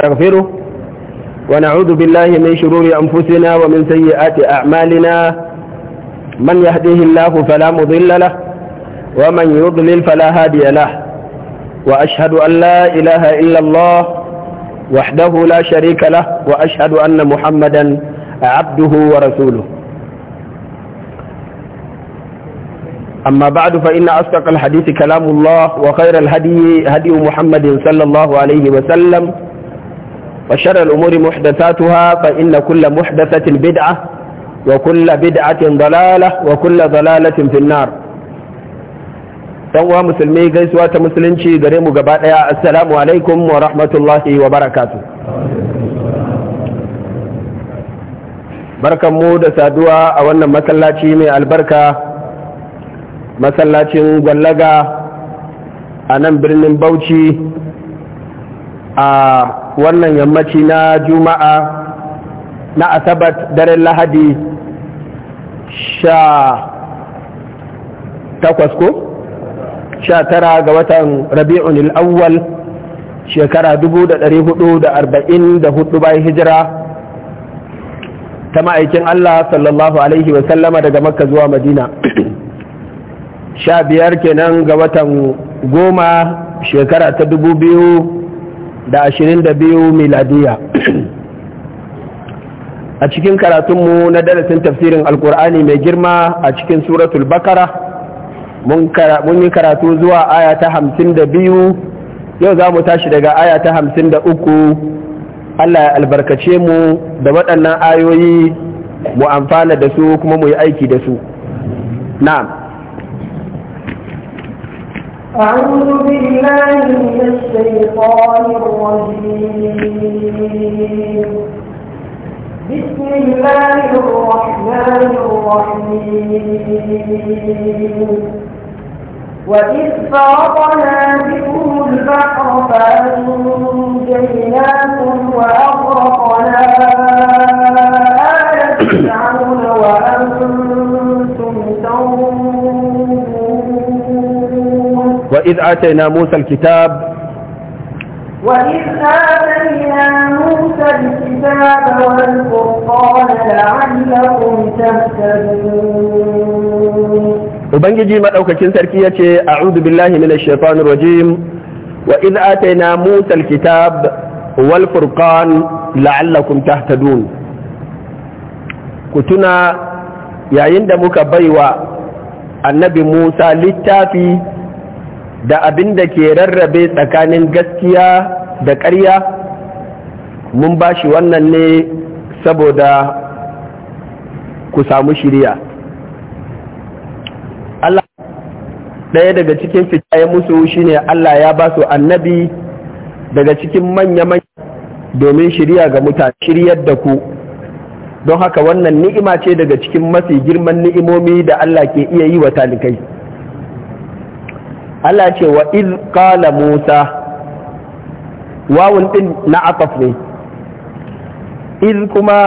نستغفره ونعوذ بالله من شرور أنفسنا ومن سيئات أعمالنا من يهديه الله فلا مضل له ومن يضلل فلا هادي له وأشهد أن لا إله إلا الله وحده لا شريك له وأشهد أن محمدا عبده ورسوله أما بعد فإن أصدق الحديث كلام الله وخير الهدي هدي محمد صلى الله عليه وسلم وشر الأمور محدثاتها فإن كل محدثة بدعة وكل بدعة ضلالة وكل ضلالة في النار ɗanwa musulmi gaisuwa ta musulunci gare mu gaba ɗaya assalamu alaikum wa rahmatullahi wa barakatu barkanmu da saduwa a wannan masallaci mai albarka masallacin gwallaga a nan birnin bauchi a wannan yammaci na juma'a na asabar daren lahadi sha takwas ko? sha tara ga watan rabi'un al'awwal shekara hudu bayan hijira ta ma'aikin Allah sallallahu Alaihi wasallama daga makka zuwa madina sha biyar kenan ga watan goma shekara ta dubu biyu da ashirin da biyu miladiya a cikin karatunmu na darasin tafsirin alkur'ani mai girma a cikin suratul bakara mun yi karatu zuwa aya ta hamsin da biyu yau za mu tashi daga aya ta hamsin da uku allah ya albarkace mu da waɗannan ayoyi mu amfana da su kuma mu yi aiki da su na'am أعوذ بالله من الشيطان الرجيم بسم الله الرحمن الرحيم وإذ فرضنا بكم البحر فأنجيناكم وأغرقنا وإذ آتينا موسى الكتاب وإذ آتينا موسى الكتاب والفرقان لعلكم تهتدون Ubangiji maɗaukakin sarki ya ce, A'udu billahi min shaitan rajim, wa in ataina Musa kitab wal furqan la'allakum tahtadun. Ku tuna yayin da muka baiwa annabi Musa littafi da abin da ke rarrabe tsakanin gaskiya da ƙarya mun ba shi wannan ne saboda ku samu shirya Allah ɗaya daga cikin fita ya musu shine Allah ya ba su annabi daga cikin manya-manya domin shirya ga mutane shiryar da ku don haka wannan ni'ima ce daga cikin mafi girman ni'imomi da Allah ke iya yi wa talikai Allah ce wa iz qala Musa wawun din na ataf ne iz kuma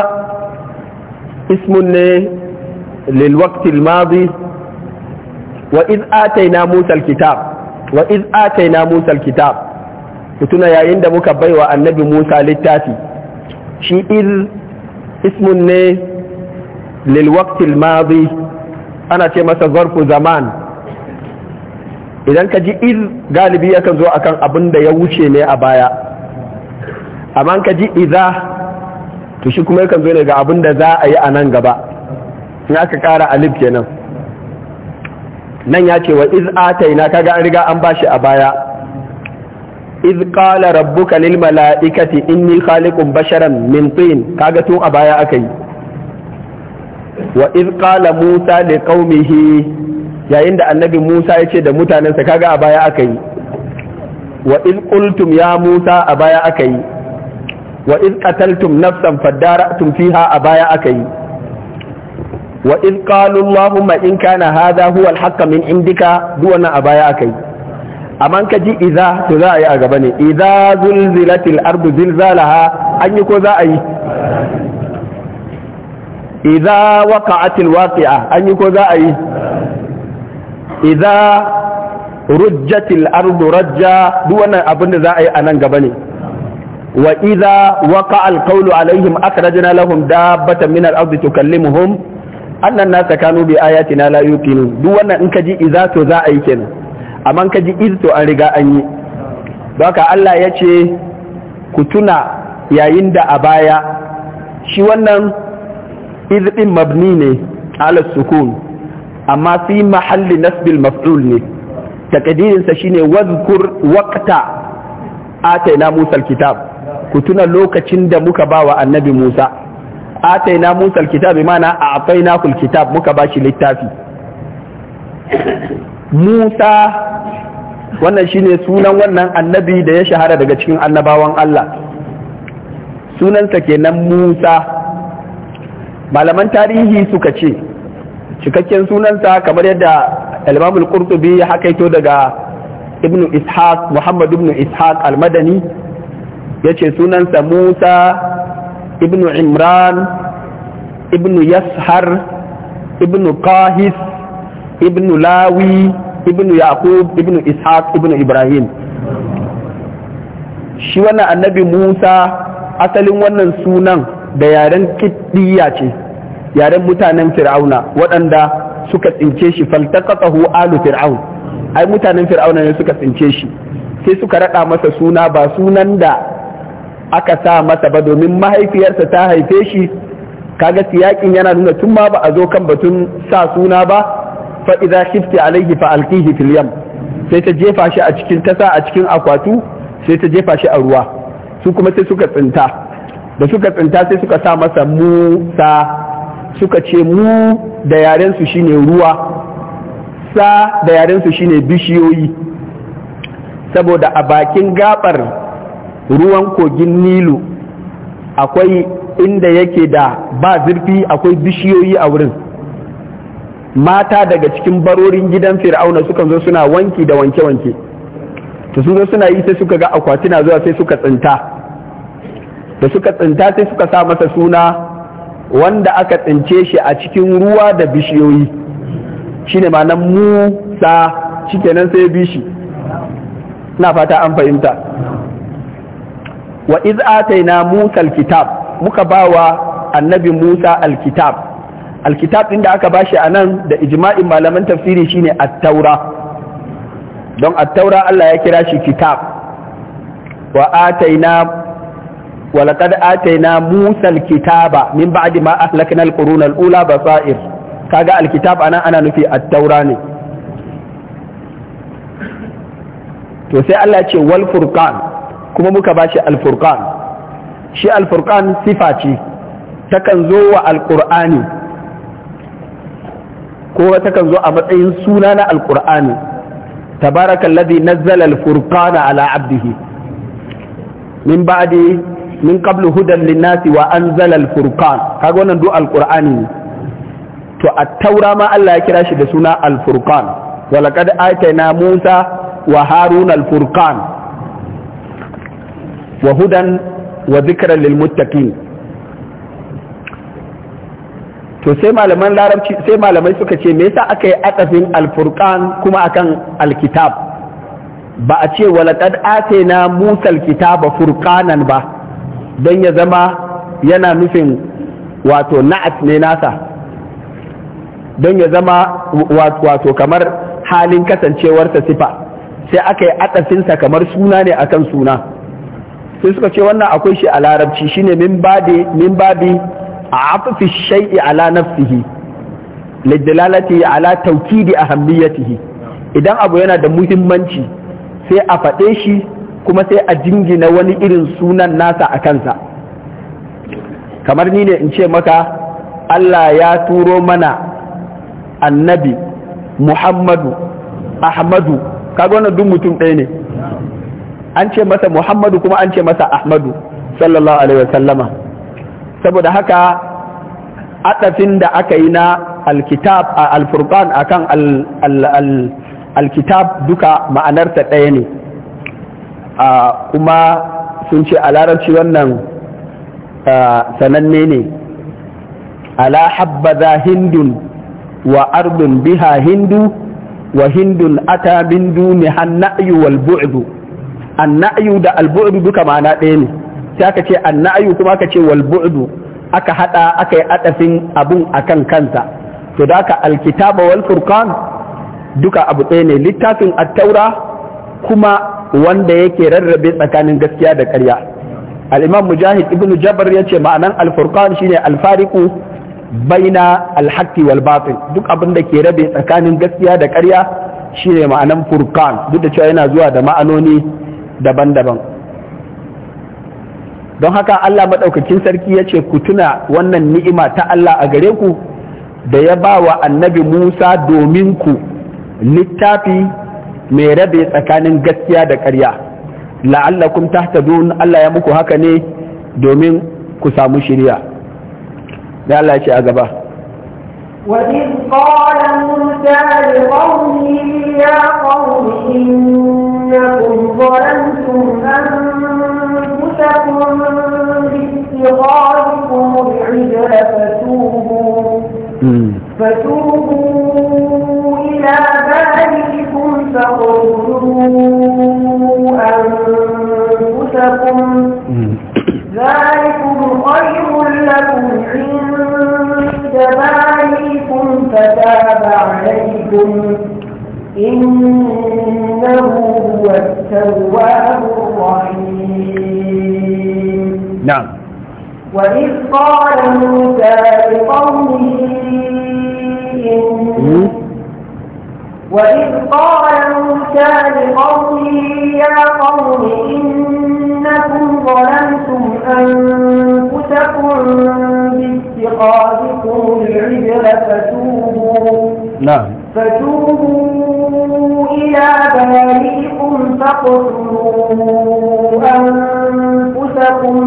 ismun ne lil waqti al madi wa iz ataina Musa al kitab wa iz ataina Musa al kitab yayin da muka baiwa annabi Musa littafi shi iz ismun ne lil waqti al madi ana ce masa zarfu zaman idan ka ji iz galibi yakan zo akan abin da ya wuce ne a baya amma ka ji iza to shi kuma yakan zo ne ga abin da za a yi a nan gaba in aka kara alif kenan nan ya ce wa iz ataina kaga an riga an bashi a baya iz qala rabbuka lil malaikati inni khaliqun basharan min tin kaga tun a baya aka yi wa iz qala musa liqaumihi yayin da annabi Musa ya ce da mutanensa kaga a baya aka yi wa iz qultum ya Musa a baya aka yi wa iz qataltum nafsan fadara'tum fiha a baya aka yi wa iz qalu allahumma in kana hadha huwa al min indika duk wannan a baya aka yi amma ka ji idza to za a yi a gaba ne idza zulzilatil ardu zilzalaha an yi ko za a yi idza waqa'atil waqi'a an yi ko za a yi idza rujjatil ardu rajja duk wannan abin da za a yi a nan gaba ne wa idza waqa al qawlu alaihim akhrajna lahum dabbatan min al ardi tukallimuhum annan nasa kanu bi ayatina la yuqinu duk wannan in ka ji idza to za a yi kenan amma in ka ji to an riga an yi haka Allah ya ce ku tuna yayin da a baya shi wannan iz ɗin mabni ne ala sukun amma fi mahalli nasbil maf'ul ne takadirinsa shine wazkur waqta ataina Musa alkitab ku tuna lokacin da muka bawa annabi Musa ataina Musa alkitab mana a'taina kul kitab muka bashi littafi Musa wannan shine sunan wannan annabi da ya shahara daga cikin annabawan Allah sunansa kenan Musa malaman tarihi suka ce cikakken sunansa kamar yadda al-imamul qurtubi ya hakaito daga ibn ishaq muhammad ibn ishaq al-madani yace sunansa musa ibn imran ibn yashar ibn qahis ibn lawi ibn yaqub ibn ishaq ibn ibrahim shi wannan annabi musa asalin wannan sunan da yaren kiddiya ce yaren mutanen fir'auna waɗanda suka tsince shi faltaqatahu alu fir'aun ai mutanen fir'auna ne suka tsince shi sai suka rada masa suna ba sunan da aka sa masa ba domin mahaifiyarsa ta haife shi kaga siyakin yana nuna tun ma ba a zo kan batun sa suna ba fa idza khifti alayhi fa alqihi fil yam sai ta jefa shi a cikin tasa a cikin akwatu sai ta jefa shi a ruwa su kuma sai suka tsinta da suka tsinta sai suka sa masa musa suka ce mu da yarensu shine ruwa sa da yarensu shine bishiyoyi saboda a bakin gabar ruwan kogin nilu akwai inda yake da ba zurfi akwai bishiyoyi a wurin mata daga cikin barorin gidan fir'auna suka zo suna wanki da wanke-wanke to sun zo suna yi sai suka ga akwatina zuwa sai suka tsinta da suka tsinta sai suka sa masa suna wanda aka tsince shi a cikin ruwa da bishiyoyi shine ma nan musa nan sai bishi na fata an fahimta wa iz ataina musa alkitab muka bawa annabi musa alkitab alkitab din da aka bashi nan da ijma'in malaman tafsiri shine at-taura don at-taura Allah ya kira shi kitab wa ataina ولقد آتينا موسى الكتاب من بعد ما أهلكنا القرون الأولى بصائر كاجا الكتاب أنا أنا نفي التوراني to sai Allah ce wal furqan kuma muka bashi al furqan shi al furqan sifa ce takan zo wa al qur'ani ko takan zo a matsayin suna na al qur'ani tabarakal ladhi nazzala al furqana ala abdihi min ba'di min qablu hudan linnasi wa anzala al-furqan kaga wannan du al-qur'ani to at-taura ma Allah ya kira shi da suna al-furqan wa laqad atayna Musa wa Harun al-furqan wa hudan wa dhikran lil muttaqin to sai malaman larabci sai malamai suka ce me yasa aka yi atafin al-furqan kuma akan al-kitab ba a ce wa laqad atayna Musa al-kitaba furqanan ba don ya zama yana nufin wato na'at ne nasa don ya zama wato kamar halin kasancewarsa sifa sai aka yi atasinsa kamar suna ne akan suna sai suka ce wannan akwai shi a larabci shi ne min babi a afafi shai'i ala nafsihi lidalalati ala taukidi ahammiyatihi idan abu yana da muhimmanci sai a faɗe shi kuma sai a jingina wani irin sunan nasa a kansa kamar ni ne in ce maka Allah ya turo mana annabi Muhammadu Ahmadu kaga wannan duk mutum ɗaya ne an ce masa Muhammadu kuma an ce masa Ahmadu sallallahu alaihi wasallama saboda haka adafin da aka yi na alkitab a alfurqan akan al, al, al, al alkitab duka ma'anarta ɗaya ne kuma sun ce a larabci wannan sananne ne ala habbaza hindun wa ardun biha hindu wa hindun ata min duni han na'ayu wal bu'du an na'ayu da al bu'du duka ma'ana ɗaya ne sai aka ce an na'ayu kuma aka ce wal bu'du aka haɗa aka yi adafin abun akan kansa to da aka alkitaba wal furqan duka abu ɗaya ne littafin at-taura kuma wanda yake rarrabe tsakanin gaskiya da ƙarya al'imam mujahid Ibn ibnu ya ce ma'anan alfurkan shi shine alfariku baina alhaki walbafin duk abin da ke rabe tsakanin gaskiya da ƙarya shine ma'anan furkan duk da cewa yana zuwa da ma'anoni daban-daban don haka Allah maɗaukacin sarki ya ce ku tuna wannan ni'ima ta Allah a gare ku da ya ba wa annabi Musa domin ku littafi mai rabe tsakanin gaskiya da ƙarya la'allakum tahtadun Allah ya muku haka ne domin ku samu shirya da Allah ya ce a gaba وإذ قال موسى لقومه يا قوم إنكم ظلمتم أنفسكم باستغاثكم العجل فتوبوا فتوبوا تقتلوا أنفسكم ذلكم خير لكم عند بالكم فتاب عليكم إنه هو التواب الرحيم نعم وإذ قال موسى لقومه وإذ قال العجل فتوبوا نعم فتوبوا إلى بارئكم فاقتلوا أنفسكم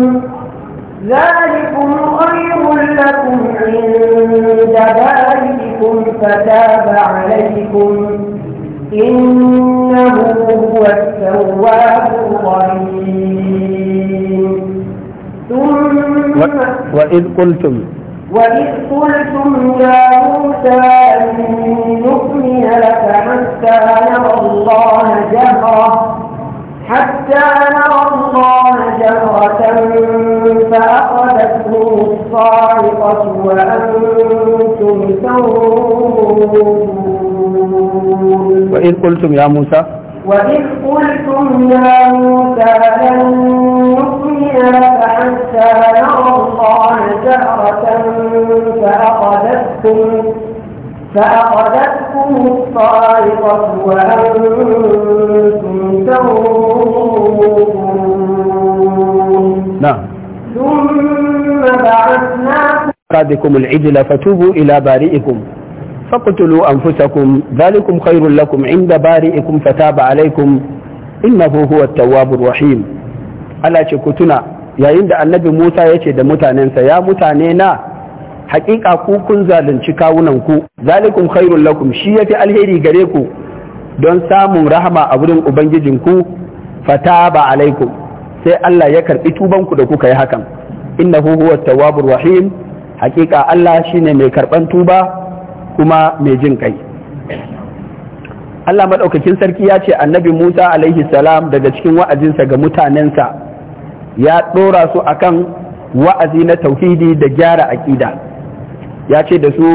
ذلكم خير لكم عند بارئكم فتاب عليكم إنه هو التواب الرحيم ثم وإذ قلتم وإذ قلتم يا موسى أن نؤمن لك حتى نرى الله جهرة حتى نرى الله جهرة فأخذتكم الصاعقة وأنتم تنظرون وإذ قلتم يا موسى وإذ قلتم يا موسى لن نؤمن لك حتى نرى الله جهرة فأخذتكم فأخذتكم الصاعقة وأنتم تنظرون نعم ثم بعثناكم أرادكم العجل فتوبوا إلى بارئكم فاقتلوا أنفسكم ذلكم خير لكم عند بارئكم فتاب عليكم إنه هو التواب الرحيم ألا تكتنا يا عند النبي موسى يشهد متاننسا يا متانينا حقيقة كوكن زالن شكاوننكو ذلكم خير لكم شيئة الهيري غريكو don samun rahama a wurin Ubangijinku fataba alaikum sai Allah ya karɓi tubanku da kuka yi hakan innahu huwa tawwabur rahim hakika Allah shine mai karɓan tuba kuma mai jin kai Allah maɗaukakin sarki ya ce annabi Musa alaihi salam daga cikin wa'azinsa ga mutanensa ya ɗora su akan wa'azi na tauhidi da gyara aƙida ya ce da su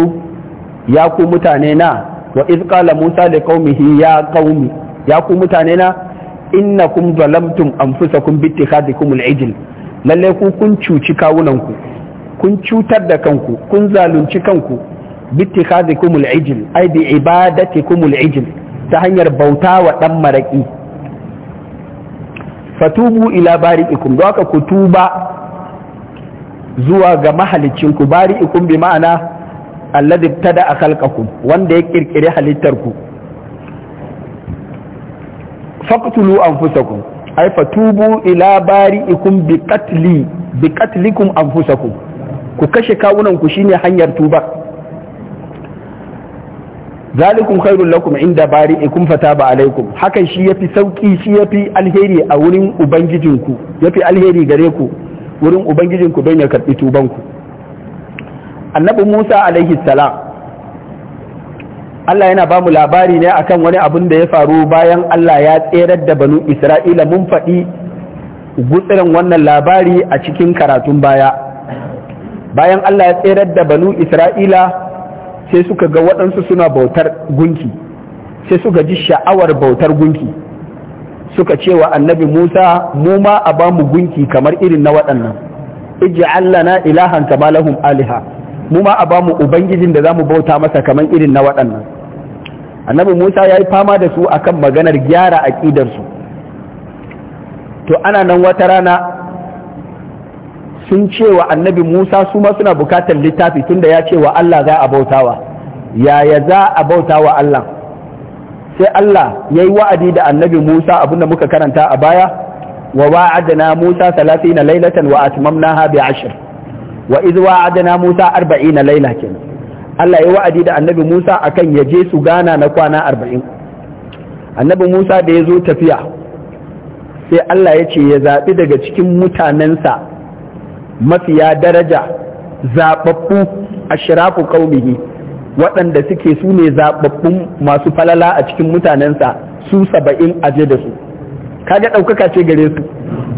ya ku mutane na wa izqala Musa da qaumihi ya qaumi ya ku mutane na an zalamtum anfusakum bi ittikhadikum al-ijl lalle ku kun cuci kawunanku kun cutar da kanku kun zalunci kanku bittikhadikumul ijl ai bi ibadatikumul ijl ta hanyar bauta wa dan maraki fatubu ila bari'ikum don ku tuba zuwa ga mahalicinku bari'ikum bi ma'ana alladhi tada a khalqakum wanda ya kirkire halittarku faqtulu anfusakum ay fatubu ila bari'ikum bi ku kashe kawunanku shine hanyar zalikum khairul lakum inda bari'ikum fataba alaikum hakan shi yafi sauki shi yafi alheri a wurin ubangijinku yafi alheri gare ku wurin ubangijinku don ya karbi tubanku annabi Musa alaihi salam Allah yana ba mu labari ne akan wani abin da ya faru bayan Allah ya tserar da banu Isra'ila mun faɗi gutsirin wannan labari a cikin karatun baya bayan Allah ya tserar da banu Isra'ila sai suka ga waɗansu suna bautar gunki sai suka ji sha'awar bautar gunki suka ce wa annabi musa mu ma a ba mu gunki kamar irin na waɗannan Allah na ilahan kama lahum aliha mu ma a ba mu ubangijin da zamu bauta masa kamar irin na waɗannan annabi musa ya yi fama da su akan maganar gyara aƙidarsu to ana nan wata rana sun ce wa annabi Musa su ma suna bukatar littafi tunda ya ce wa Allah za a bautawa yaya za a bautawa Allah sai Allah ya yi wa'adi da annabi Musa abinda muka karanta a baya wa wa'adana Musa na lailatan wa atmamnaha bi ashir wa iz wa'adana Musa na laila kenan Allah ya yi wa'adi da annabi Musa akan ya je su gana na kwana arba'in annabi Musa da ya zo tafiya sai Allah ya ce ya zaɓi daga cikin mutanensa mafiya daraja zaɓaɓɓu a shirafu qaumihi waɗanda suke su ne zaɓaɓɓun masu falala a cikin mutanensa su saba'in aje da su kaga ɗaukaka ce gare su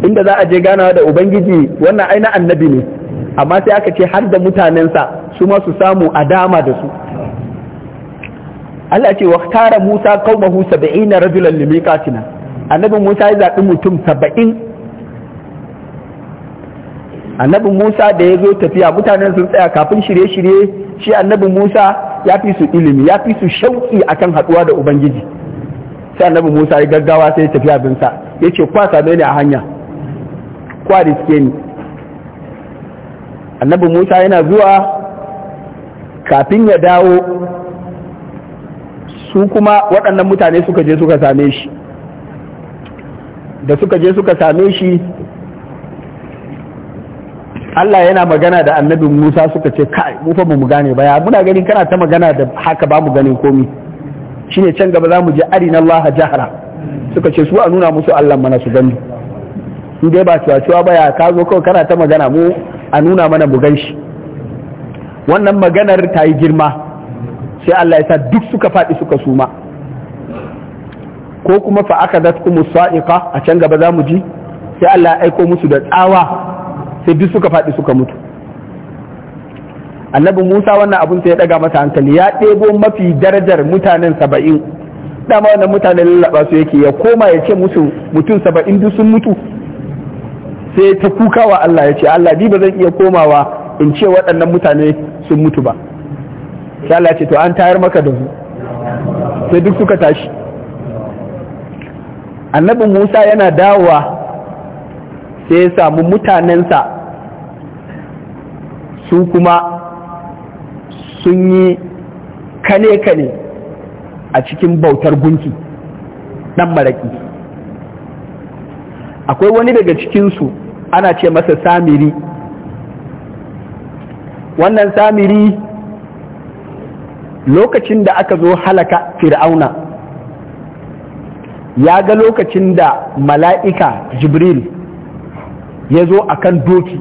inda za a je ganawa da ubangiji wannan aina annabi ne amma sai aka ce har da mutanensa su ma su samu a dama da su Allah ce wa tara Musa qaumahu 70 rajulan limiqatina annabi Musa ya zaɓi mutum saba'in annabi Musa da ya zo tafiya mutanen sun tsaya kafin shirye-shirye shi annabi Musa ya fi su ilimi ya fi su shauki akan haɗuwa da ubangiji sai annabi Musa ya gaggawa sai ya tafi abinsa ya ce kwa same ni a hanya kwa riske ni annabi Musa yana zuwa kafin ya dawo su kuma waɗannan mutane suka je suka same shi da suka je suka same shi Allah yana magana da annabin Musa suka ce kai mu fa mu gane ba muna ganin kana ta magana da haka ba mu ganin komi shine can gaba za mu je arina Allah jahara suka ce su a nuna musu Allah mana su gani in dai ba cewa ba ya ka zo kawai kana ta magana mu a nuna mana mu ganshi, wannan maganar ta yi girma sai Allah ya sa duk suka faɗi suka suma ko kuma fa aka zat sa'iqa a can gaba za mu ji sai Allah ya aiko musu da tsawa sai duk suka faɗi suka mutu annabi musa wannan abun sai ya ɗaga masa hankali ya ɗebo mafi darajar mutanen saba'in dama wannan mutanen lallaba su yake ya koma ya ce musu mutum saba'in duk sun mutu sai ta kuka wa Allah ya ce Allah ni ba zan iya komawa in ce waɗannan mutane sun mutu ba sai Allah ce to an tayar maka da su sai duk suka tashi annabi Musa yana dawowa sai ya samu mutanensa su kuma sun yi kane-kane a cikin bautar gunki ɗan maraƙi akwai wani daga cikinsu ana ce masa samiri wannan samiri lokacin da aka zo halaka fir'auna ya ga lokacin da mala'ika jibril ya zo a kan doki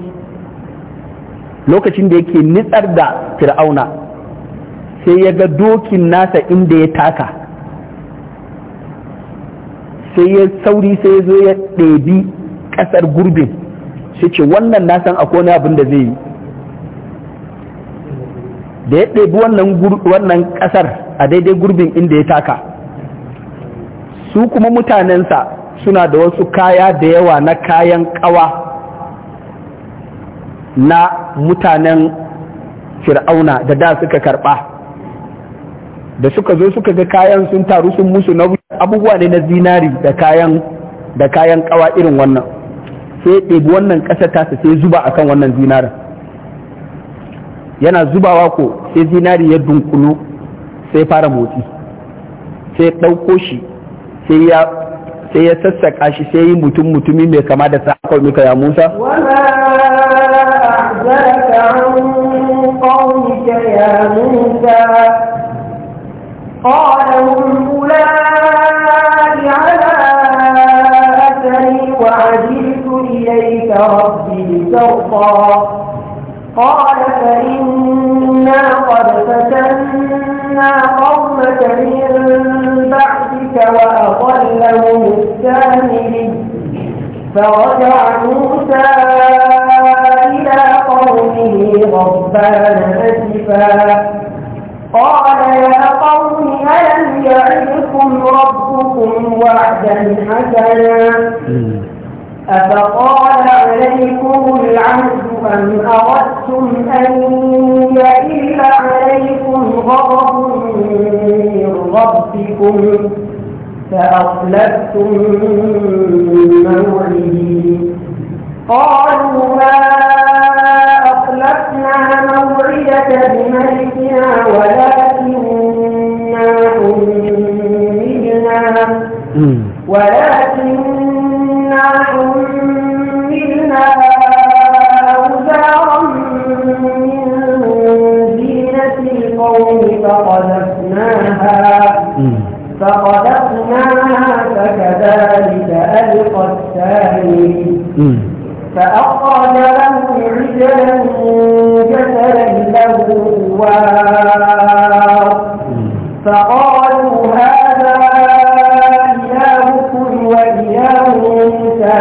lokacin da yake nitsar da fir'auna sai ya ga dokin nasa inda ya taka sai ya sauri sai ya zo ya ɗebi ƙasar gurbin sai ce wannan nasan akwai abin da zai yi da ya ɗebi wannan ƙasar a daidai gurbin inda ya taka su kuma mutanensa suna da wasu kaya da yawa na kayan ƙawa na mutanen fir'auna da da suka karɓa da suka zo suka ga kayan sun taru sun musu na abubuwa ne na zinari da kayan da kayan kawa irin wannan sai ɗebi wannan ƙasa ta sai zuba akan wannan zinarin yana zubawa ko sai zinari ya dunkulu sai fara motsi sai ɗauko shi sai ya sai ya sassaƙa shi sai yi mutum mutumi mai kama da sa muka ya musa أحزنك عن قومك يا موسى قال هم أولئك على أثري وعجلت إليك ربي لترضى قال فإنا قد فتنا قومك من بعدك وأضلهم السامري فرجع موسى الرحمن أسفا قال يا قوم ألم يعدكم ربكم وعدا حسنا أفقال عليكم العهد أم أردتم أن يئل عليكم غضب من ربكم فأخلفتم موعدي قالوا ما لك بملكها ولكننا حملنا ولكننا حملنا أوزارا من القوم فكذلك ألقى السامي فأخرج لهم عجلا فقالوا هذا إلهكم وإله موسى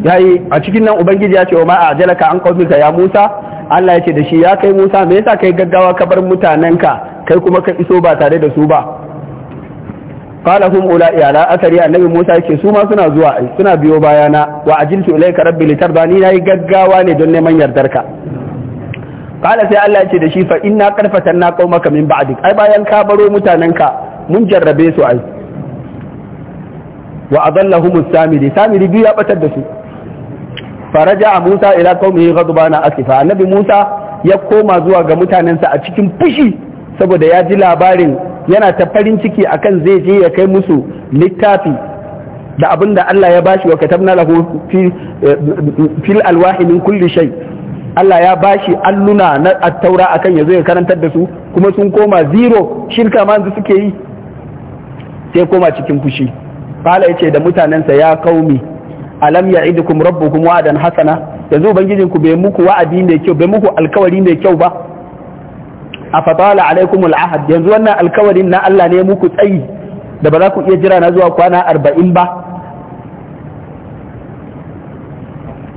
yayi a cikin nan ubangiji ya ce wa ma'a jalaka an qaumika ya Musa Allah ya ce da shi ya kai Musa me yasa kai gaggawa ka bar mutanenka kai kuma ka iso ba tare da su ba qala hum ula'i ala athari annabi Musa yake su ma suna zuwa suna biyo bayana wa ajiltu ilayka rabbi litardani nayi gaggawa ne don neman yardarka kala sai Allah ya ce da shi fa na karfatan na qaumaka min ba'dik ai bayan ka baro mutanenka mun jarrabe su ai wa adallahum samiri samiri biyu ya batar da su faraja Musa ila qaumihi ghadbana asifa annabi Musa ya koma zuwa ga mutanensa a cikin fushi saboda ya ji labarin yana ta farin ciki akan zai je ya kai musu littafi da abin Allah ya bashi wa katab lahu eh, fil alwahi min kulli shay Allah ya bashi alluna na attaura akan ya zo ya karantar da su kuma sun koma zero shirka ma yanzu suke yi sai koma cikin fushi qala yace da mutanensa ya kaumi alam ya'idukum rabbukum wa'adan hasana yanzu ku bai muku wa'adi ne kyau bai muku alkawari ne kyau ba afatala alaikum al'ahad yanzu wannan alkawarin na Allah ne muku tsayi da ba za ku iya jira na zuwa kwana arba'in ba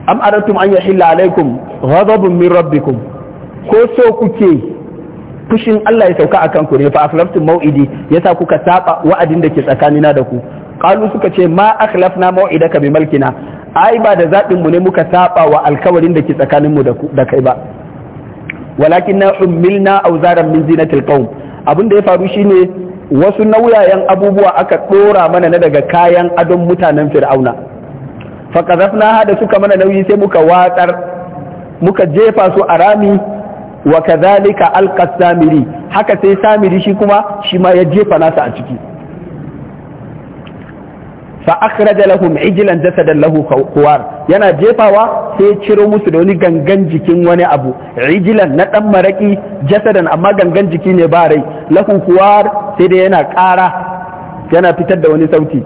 am aratum an yahilla alaikum ghadabun min rabbikum ko so kuke fushin Allah ya sauka akan ku ne fa akhlaftum mau'idi yasa kuka saba wa'adin da ke tsakanina da ku qalu suka ce ma akhlafna mau'idaka bi malkina ai ba da zabin mu ne muka saba wa alkawarin da ke tsakaninmu da kai ba walakin na ummilna awzaran min zinatil qaum abin da ya faru shine wasu nauyayen abubuwa aka dora mana na daga kayan adon mutanen fir'auna fa qazafna hada suka mana nauyi sai muka watsar muka jefa su a rami wa kadhalika alqa samiri haka sai samiri shi kuma shi ma ya jefa nasa a ciki fa akhraja lahum ijlan jasadan lahu khuwar yana jefawa sai ciro musu da wani gangan jikin wani abu ijlan na dan maraki jasadan amma gangan jiki ne ba rai lahu khuwar sai da yana ƙara yana fitar da wani sauti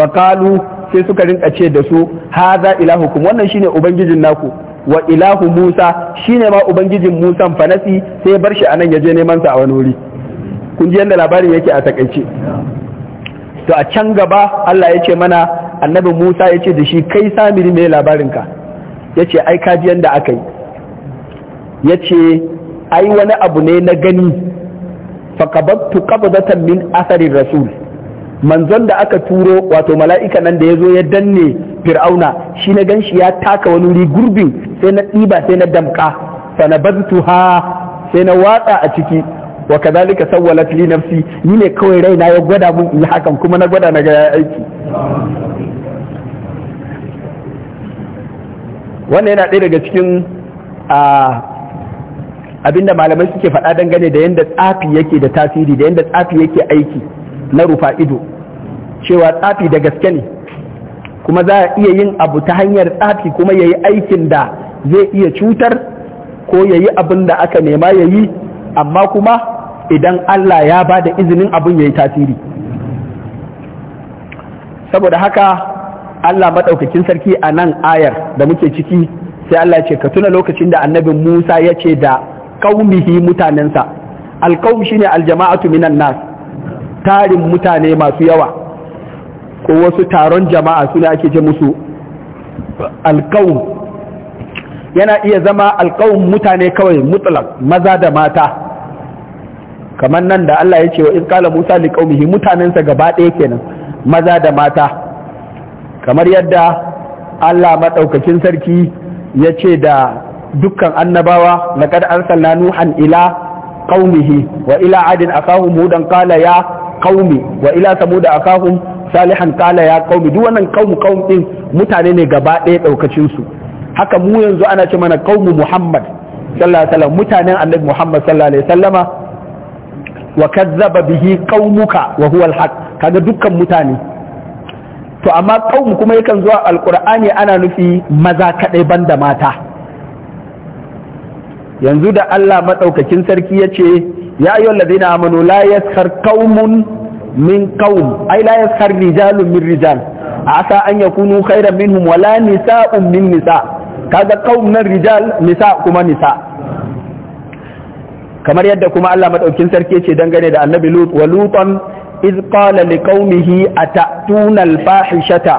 fa qalu sai suka rinka ce da su haza ilahukum wannan shine ubangijin naku wa ilahu Musa shine ma ubangijin Musa fanasi sai bar shi anan ya je neman sa a wani wuri kun ji yadda labarin yake a takaice to a can gaba Allah ya ce mana annabi Musa ya ce da shi kai samiri mai labarinka ya ce ai kaji yadda aka yi ya ce ai wani abu ne na gani fakabattu qabdatan min asarin rasul manzon da aka turo wato mala'ika nan da ya zo ya danne fir'auna shi na ganshi ya taka wani wuri gurbin sai na ɗiba sai na damka sana na ha sai na watsa a ciki wa kadhalika sawwala li nafsi ni ne kawai raina ya gwada mun in hakan kuma na gwada na ga ya aiki wannan yana ɗaya daga cikin abinda malamai suke faɗa dangane da yadda tsafi yake da tasiri da yadda tsafi yake aiki na rufa ido cewa tsafi da gaske ne kuma za a iya yin abu ta hanyar tsafi kuma ya yi aikin da zai iya cutar ko ya yi abin da aka nema ya yi amma kuma idan Allah ya ba da izinin abin ya yi tasiri saboda haka Allah maɗaukakin sarki a nan ayar da muke ciki sai Allah ce ka tuna lokacin da annabin Musa ya ce da kaumihi mutanensa alkaum shine aljama'atu minan nas tarin mutane masu yawa ko wasu taron jama'a su ne ake ce musu alƙawun yana iya zama alƙawun mutane kawai mutlak maza da mata kamar nan da Allah ya ce wa iskala musa liƙaumihi mutanensa gaba ɗaya kenan maza da mata kamar yadda Allah maɗaukakin sarki ya ce da dukkan annabawa na laqad arsalna nuhan ila qaumihi wa ila adin ƙahun mudan ƙala ya ƙaumi wa ila a ƙahun. salihan kala ya qaumi duk wannan qaumu qaum din mutane ne gaba ɗaya daukacin su haka mu yanzu ana ce mana qaumu muhammad sallallahu alaihi wasallam mutanen annabi muhammad sallallahu alaihi wasallama wa kazzaba bihi qaumuka wa huwa alhaq kaga dukkan mutane to amma qaum kuma yakan zuwa alqur'ani ana nufi maza kadai banda mata yanzu da Allah madaukakin sarki ya ce ya ayyuhallazina amanu la yaskhar qaumun min qaum ai la yaskar rijalun min rijal asa an yakunu khairan minhum wala nisa'un min nisa kaga qaum nan rijal nisa kuma nisa kamar yadda kuma Allah madaukin sarki ce dangane da annabi lut wa lutan iz qala liqaumihi atatuna al-fahishata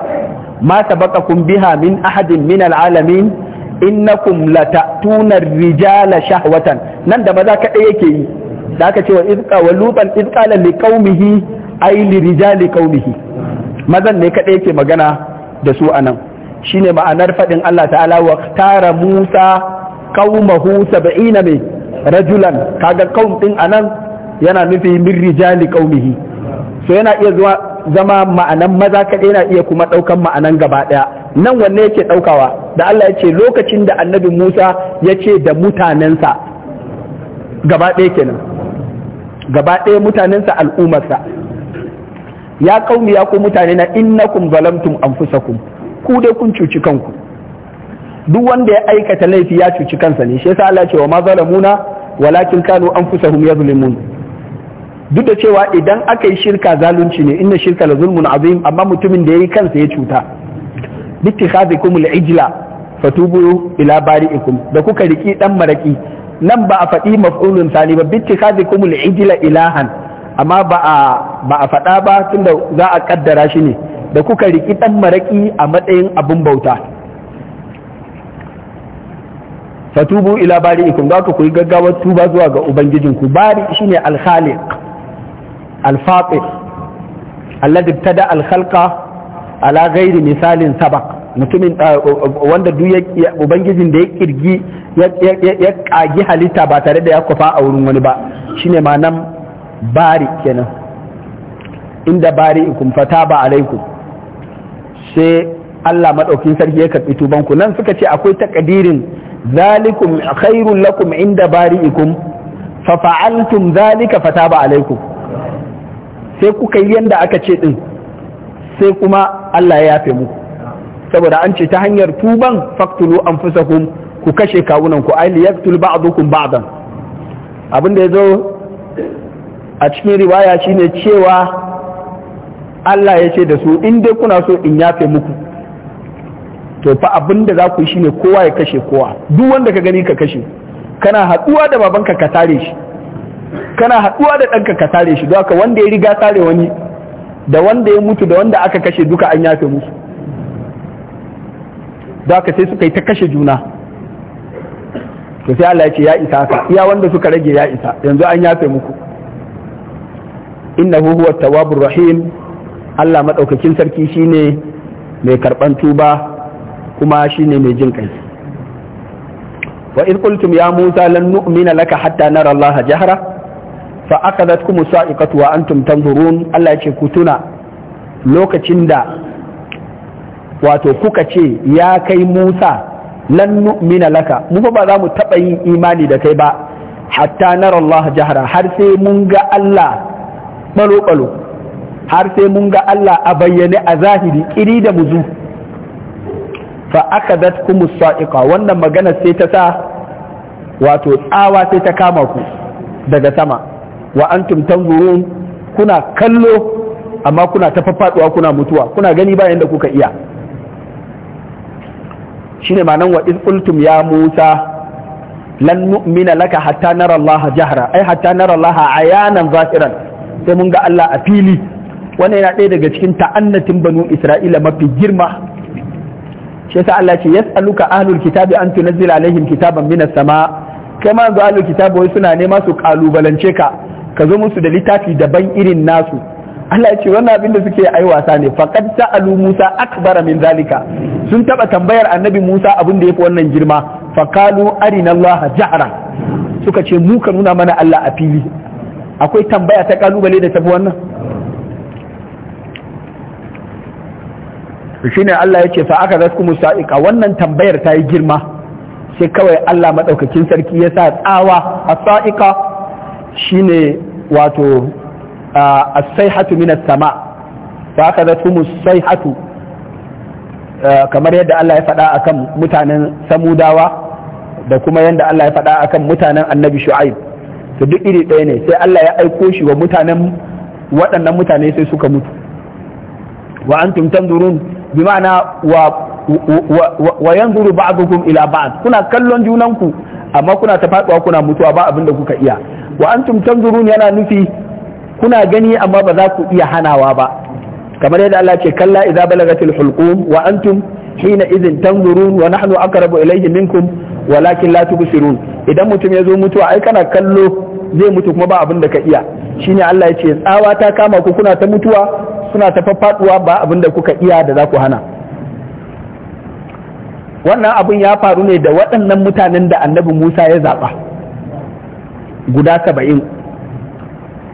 ma sabaqakum biha min ahadin min al-alamin innakum latatuna ar-rijala shahwatan nan da maza kadai yake yi da aka ce wa izqa wa lutan iz ai rijali kaunihi mazan ne kadai yake magana da su anan shine ma'anar faɗin Allah ta'ala wa tara Musa qaumahu 70 min rajulan kaga qaum din anan yana nufi min rijali kaunihi so yana iya zuwa zama ma'anan maza kadai yana iya kuma daukan ma'anan gaba daya nan wanne yake ɗaukawa? da Allah ya lokacin da annabi Musa ya ce da mutanensa gaba ɗaya kenan gaba ɗaya mutanensa al'ummarsa ya kaumi ya ku mutane na innakum zalamtum anfusakum ku dai kun cuci kanku duk wanda ya aikata laifi ya cuci kansa ne shi yasa Allah ce wa ma zalamuna walakin kanu anfusahum yazlimun duk da cewa idan aka yi shirka zalunci ne inna shirka la zulmun azim amma mutumin da ya yi kansa ya cuta bittikhadikum al-ijla fatubu ila bari'ikum da kuka riki dan maraki nan ba a faɗi maf'ulun sani ba bittikhadikum al-ijla ilahan amma ba a faɗa ba tunda za a ƙaddara shi ne da kuka riki ɗan maraƙi a matsayin abin bauta fatubu ila bari ikum za ku yi gaggawar tuba zuwa ga ubangijinku bari alhali alkhaliq alladib ta da alhalka ala gairi misalin sabak mutumin ah, wanda duk ubangijin da ya ƙirgi ya kagi halitta ba tare da ya kufa a wurin wani ba shi ne ma nan bari kenan inda bari ikum fata ba alaikum sai Allah madaukin sarki ya karbi tubanku nan suka ce akwai takadirin zalikum khairul lakum inda bari ikum fa fa'altum zalika fataba alaikum sai kuka yi yanda aka ce din sai kuma Allah ya yafe muku saboda an ce ta hanyar tuban faktulu anfusakum ku kashe kawunan ku ay liyaqtul ba'dukum ba'dan abin da yazo a cikin riwaya shine cewa Allah ya ce da su in dai kuna so in yafe muku to fa abin da za ku yi shine kowa ya kashe kowa duk wanda ka gani ka kashe kana haɗuwa da babanka ka tare shi kana haɗuwa da ɗanka ka tare shi haka wanda ya riga tare wani da wanda ya mutu da wanda aka kashe duka an yafe musu haka sai suka yi ta kashe juna to sai Allah ya ce ya isa ka iya wanda suka rage ya isa yanzu an yafe muku innahu huwa tawwabur rahim Allah maɗaukakin sarki shine mai karban tuba kuma shine mai jin kai wa in qultum ya Musa lan nu'mina laka hatta nara Allah jahra fa akhadhatkum sa'iqatu wa antum tanzurun Allah yace ku tuna lokacin da wato kuka ce ya kai Musa lan nu'mina laka mu ba za mu taɓa yin imani da kai ba hatta nara Allah jahra har sai mun ga Allah balo-balo har sai mun ga Allah a bayyane a zahiri ƙiri da muzu fa aka zat kuma sa’iƙa wannan magana sai ta sa wato tsawa sai ta kama ku daga sama wa antum tanzurun kuna kallo amma kuna ta faffaɗuwa kuna mutuwa kuna gani bayan da kuka iya shine ma'anan wa ƙultum ya musa lan nu'mina laka hatta nara Allah jahra ai hatta nara allaha ayanan zahiran sai mun ga Allah a fili wannan yana ɗaya daga cikin ta'annatin banu isra'ila mafi girma shi yasa Allah ce yas'aluka ahlul kitabi an tunzila alaihim kitaban minas sama kai ma yanzu ahlul kitabi wai suna nema su kalubalance ka ka zo musu da littafi daban irin nasu Allah ya ce wannan abin da suke ai wasa ne faqad sa'alu Musa akbara min zalika sun taba tambayar annabi Musa abin da yafi wannan girma faqalu arina Allah jahra suka ce mu ka nuna mana Allah a fili akwai tambaya ta kalubale da tafi wannan shine Allah yace fa aka zasku musaika wannan tambayar ta yi girma sai kawai Allah madaukakin sarki ya sa tsawa shi ne wato a sai hatu as-sama fa aka sai hatu. kamar yadda Allah ya faɗa akan mutanen samudawa da kuma yadda Allah ya faɗa akan mutanen annabi shu'aib to duk iri ɗaya ne sai Allah ya aiko shi wa mutanen waɗannan mutane sai suka mutu wa antum tanzurun bi ma'ana wa wa yanzuru ba'dukum ila ba'd kuna kallon junanku amma kuna ta faduwa kuna mutuwa ba abin da kuka iya wa antum tanzurun yana nufi kuna gani amma ba za ku iya hanawa ba kamar yadda Allah ce kalla idza balagatil hulqum wa antum hina idhin tanzurun wa nahnu aqrabu ilayhi minkum walakin la tubsirun idan mutum ya zo mutuwa ai kana kallo zai mutu kuma ba abin da ka iya shine Allah ya ce tsawa ta kama ku kuna ta mutuwa suna ta faffaduwa ba abin da kuka iya da za ku hana wannan abin ya faru ne da waɗannan mutanen da annabi Musa ya zaɓa guda saba'in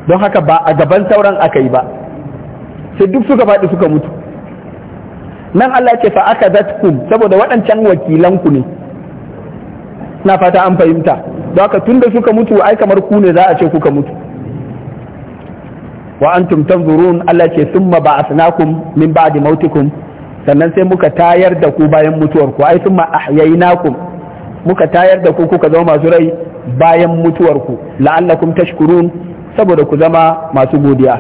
don haka ba a gaban sauran aka yi ba sai duk suka faɗi suka mutu nan Allah ce fa aka saboda waɗancan wakilanku ne na fata an fahimta don haka da suka mutu ai kamar ku ne za a ce kuka mutu wa antum tanzurun Allah ce summa ba'athnakum min ba'di mautikum sannan sai muka tayar da ku bayan mutuwar ku ai summa ahyaynakum muka tayar da ku kuka zama masu rai bayan mutuwar ku la'allakum tashkurun saboda ku zama masu godiya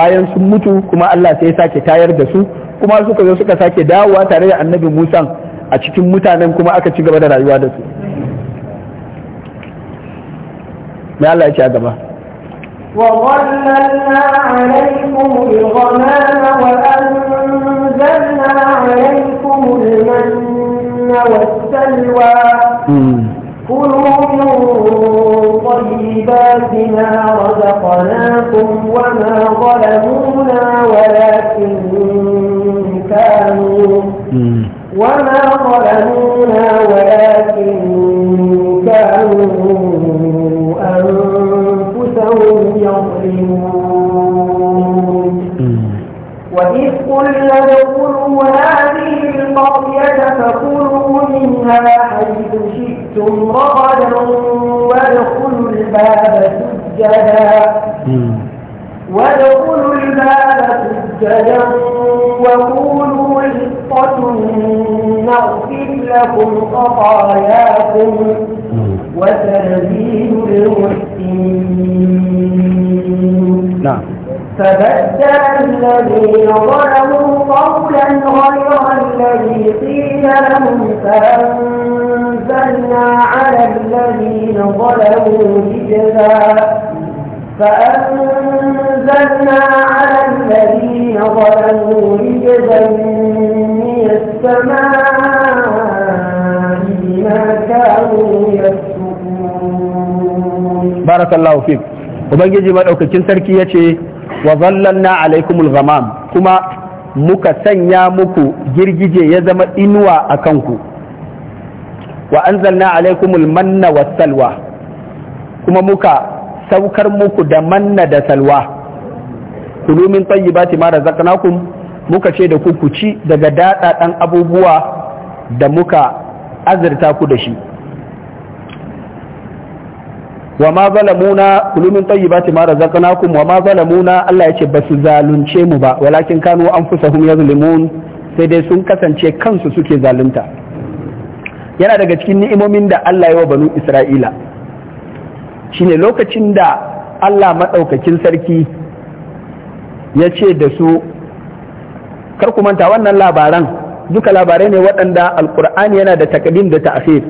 bayan sun mutu kuma Allah sai ya sake tayar da su kuma suka zo suka sake dawowa tare da annabi Musa a cikin mutanen kuma aka ci gaba da rayuwa da su ما الله يا جماعه وظللنا عليكم الغمام وأنزلنا عليكم المن والسلوى كلوا من طيبات ما رزقناكم وما ظلمونا ولكن كانوا وما ظلمونا قل ادخلوا هذه القرية فكلوا منها حيث شئتم رغدا وادخلوا الباب سجدا وادخلوا الباب سجدا وقولوا حطة نغفر لكم خطاياكم وسنزيد المحسنين فبدل الذين ظلموا قولا غير الذي قيل لهم فأنزلنا على الذين ظلموا رجزا فأنزلنا على الذين ظلموا رجزا من السماء بما كانوا يفسقون بارك الله فيك وبنجي ما أوكي كنت تركي wa zallanna alaikumul ghamam kuma muka sanya muku girgije ya zama inuwa a kanku wa anzalna alaikumul manna salwa kuma muka saukar muku da manna da salwa kulu min tayyibati ma razaqnakum muka ce da ku ku ci daga daɗaɗan abubuwa da muka azurta ku da shi wa ma zalamuna kulu min tayyibati ma razaqnakum wa ma zalamuna Allah ba basu zalunce mu ba walakin kanu anfusahum yazlimun sai dai sun kasance kansu suke zalunta yana daga cikin ni'imomin da Allah ya wa banu Isra'ila shine lokacin da Allah madaukakin sarki ya ce da su kar ku manta wannan labaran duka labarai ne waɗanda alkur'ani yana da takadim da ta'khir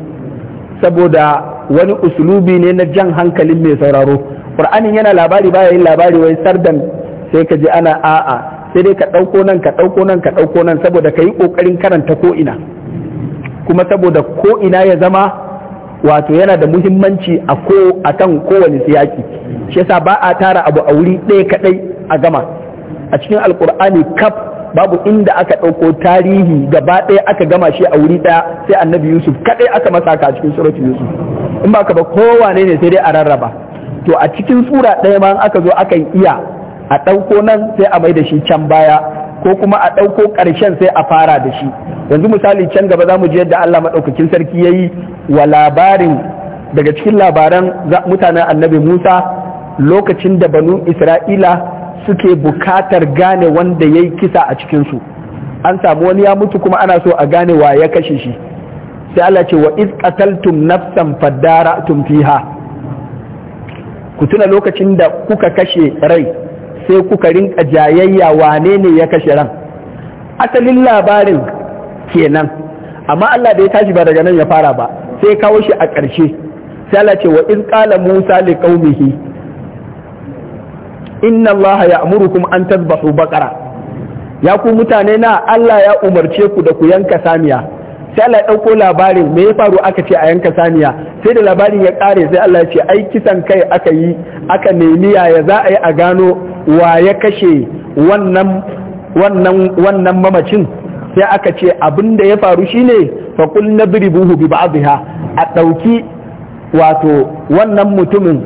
saboda wani usulubi ne na jan hankalin mai sauraro ƙur'anin yana labari baya yin labari wai sardan sai ka ji ana a'a sai dai ka ɗauko nan ka ɗauko nan ka ɗauko nan saboda ka yi ƙoƙarin karanta ko ina kuma saboda ko ina ya zama wato yana da muhimmanci a ko kan kowane siyaki shi yasa ba a tara abu a wuri ɗaya kaɗai a gama a cikin Alƙur'ani kaf babu inda aka ɗauko tarihi gaba ɗaya aka gama shi a wuri ɗaya sai annabi yusuf kaɗai aka masaka a cikin suratul yusuf in ba ka ba kowane ne sai dai a rarraba to a cikin tsura ɗaya ma aka zo akan iya a ɗauko nan sai a mai da shi can baya ko kuma a ɗauko ƙarshen sai a fara da shi yanzu misali can gaba za mu ji yadda Allah maɗaukakin sarki ya yi wa labarin daga cikin labaran mutanen annabi Musa lokacin da banu Isra'ila suke bukatar gane wanda ya yi kisa a cikinsu an samu wani ya mutu kuma ana so a gane wa ya kashe shi sai Allah ce wa iz qataltum nafsan fadara'tum fiha ku tuna lokacin da kuka kashe rai sai kuka rinka jayayya wane ne ya kashe ran asalin labarin kenan amma Allah da tashi ba daga nan ya fara ba sai kawo shi a ƙarshe sai Allah ce wa iz qala Musa li qaumihi inna Allah ya'murukum an tadhbahu baqara ya ku mutane na Allah ya umarce ku da ku yanka samiya sai Allah ya ɗauko labarin me ya faru aka ce a yanka saniya sai da labarin ya ƙare sai Allah ya ce ai kisan kai aka yi aka nemi yaya za a yi a gano wa ya kashe wannan mamacin sai aka ce abin da ya faru shine fa biri nadribuhu bi ba'dihha a ɗauki wato wannan mutumin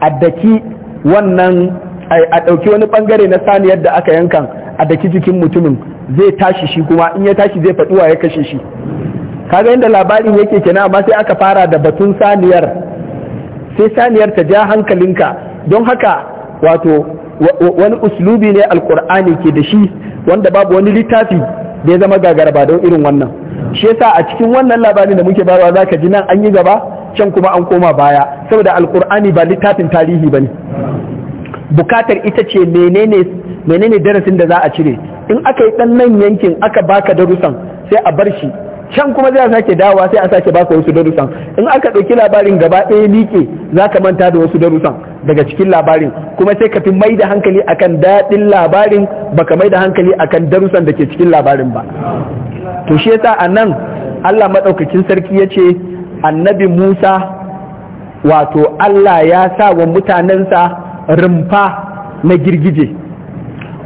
a daki wannan a ɗauki wani bangare na saniyar da aka yankan a daki jikin mutumin zai tashi shi kuma in ya tashi zai faɗi waya ya kashe shi kaga inda labarin yake kenan amma sai aka fara da batun saniyar sai saniyar ta ja hankalinka don haka wato wani uslubi ne alkur'ani ke da shi wanda babu wani littafi da ya zama gagara ba don irin wannan shi yasa a cikin wannan labarin da muke bayarwa zaka ji nan an yi gaba can kuma an koma baya saboda alkur'ani ba littafin tarihi ba ne. bukatar ita ce menene menene darasin da za a cire in aka yi ɗan nan yankin aka baka darussan sai a bar shi can kuma zai sake dawowa sai a sake ba ka wasu darusan in aka ɗauki labarin gaba ɗaya liƙe za ka manta da wasu darusan daga cikin labarin kuma sai ka fi mai da hankali akan daɗin labarin baka mai da hankali akan darussan da ke cikin labarin ba to shi yasa a nan Allah maɗaukakin sarki ya ce annabi Musa wato Allah ya sa wa mutanensa rumfa na girgije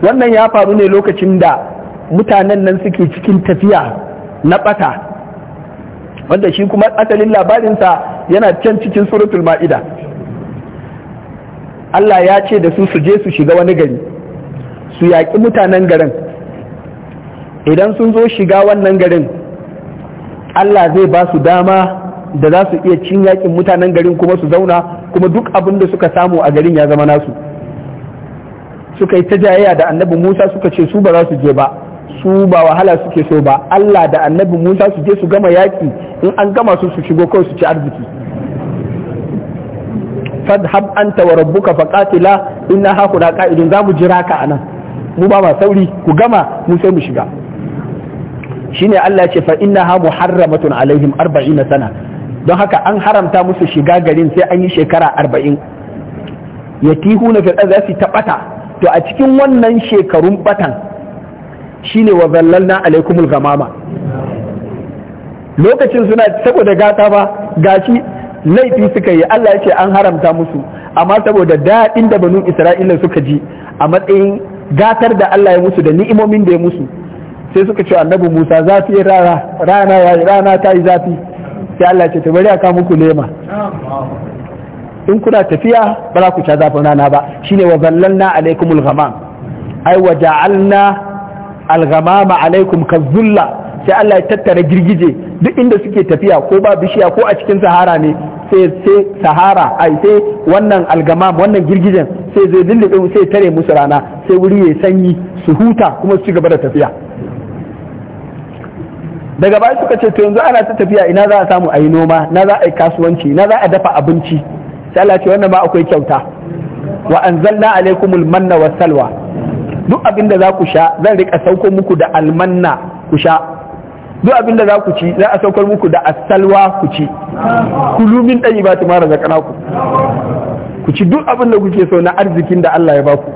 wannan ya faru ne lokacin da mutanen nan suke cikin tafiya na ɓata wanda shi kuma asalin labarinsa yana can cikin suratul ma'ida Allah ya ce da su su je su shiga wani gari su yaƙi mutanen garin idan sun zo shiga wannan garin Allah zai ba su dama da za su iya cin yaƙin mutanen garin kuma su zauna kuma duk abin da suka samu a garin ya zama nasu suka yi ta jayayya da annabi musa suka ce su ba za su je ba su ba wahala suke so ba Allah da annabi Musa su je su gama yaki in an gama su su shigo kawai su ci arziki fadhab anta wa rabbuka faqatila inna hakuna qa'idun zamu jira ka anan mu ba ma sauri ku gama mu sai mu shiga shine Allah ya ce fa ha muharramatun alaihim 40 sana don haka an haramta musu shiga garin sai an yi shekara 40 yatihuna fil su tabata to a cikin wannan shekarun batan shine wa zallalna alaikumul gamama lokacin suna saboda gata ba gashi laifi suka yi Allah ya ce an haramta musu amma saboda daɗin da banu Isra'ila suka ji a matsayin gatar da Allah ya musu da ni'imomin da ya musu sai suka ce annabi Musa zafi rana rana ya rana ta yi zafi sai Allah ya ce ta bari aka muku lema in kuna tafiya ba za ku ca zafin rana ba shine wa zallalna alaikumul ghamam ai wa ja'alna alghamama alaikum kazulla sai Allah ya tattara girgije duk inda suke tafiya ko ba bishiya ko a cikin sahara ne sai sai sahara ai sai wannan algamam wannan girgijen sai zai lullube sai tare musu rana sai wuri ya sanyi su huta kuma su ci gaba da tafiya daga baya suka ce to yanzu ana ta tafiya ina za a samu ayi noma na za a yi kasuwanci na za a dafa abinci sai Allah ya ce wannan ba akwai kyauta wa anzalna alaikumul manna wasalwa. duk abin da za ku sha zan rika sauko muku da almanna ku sha duk abin da za ku ci za a saukar muku da asalwa ku ci kulumin min ba ba mara zakana ku ku ci duk abin da kuke so na arzikin da Allah ya ba ku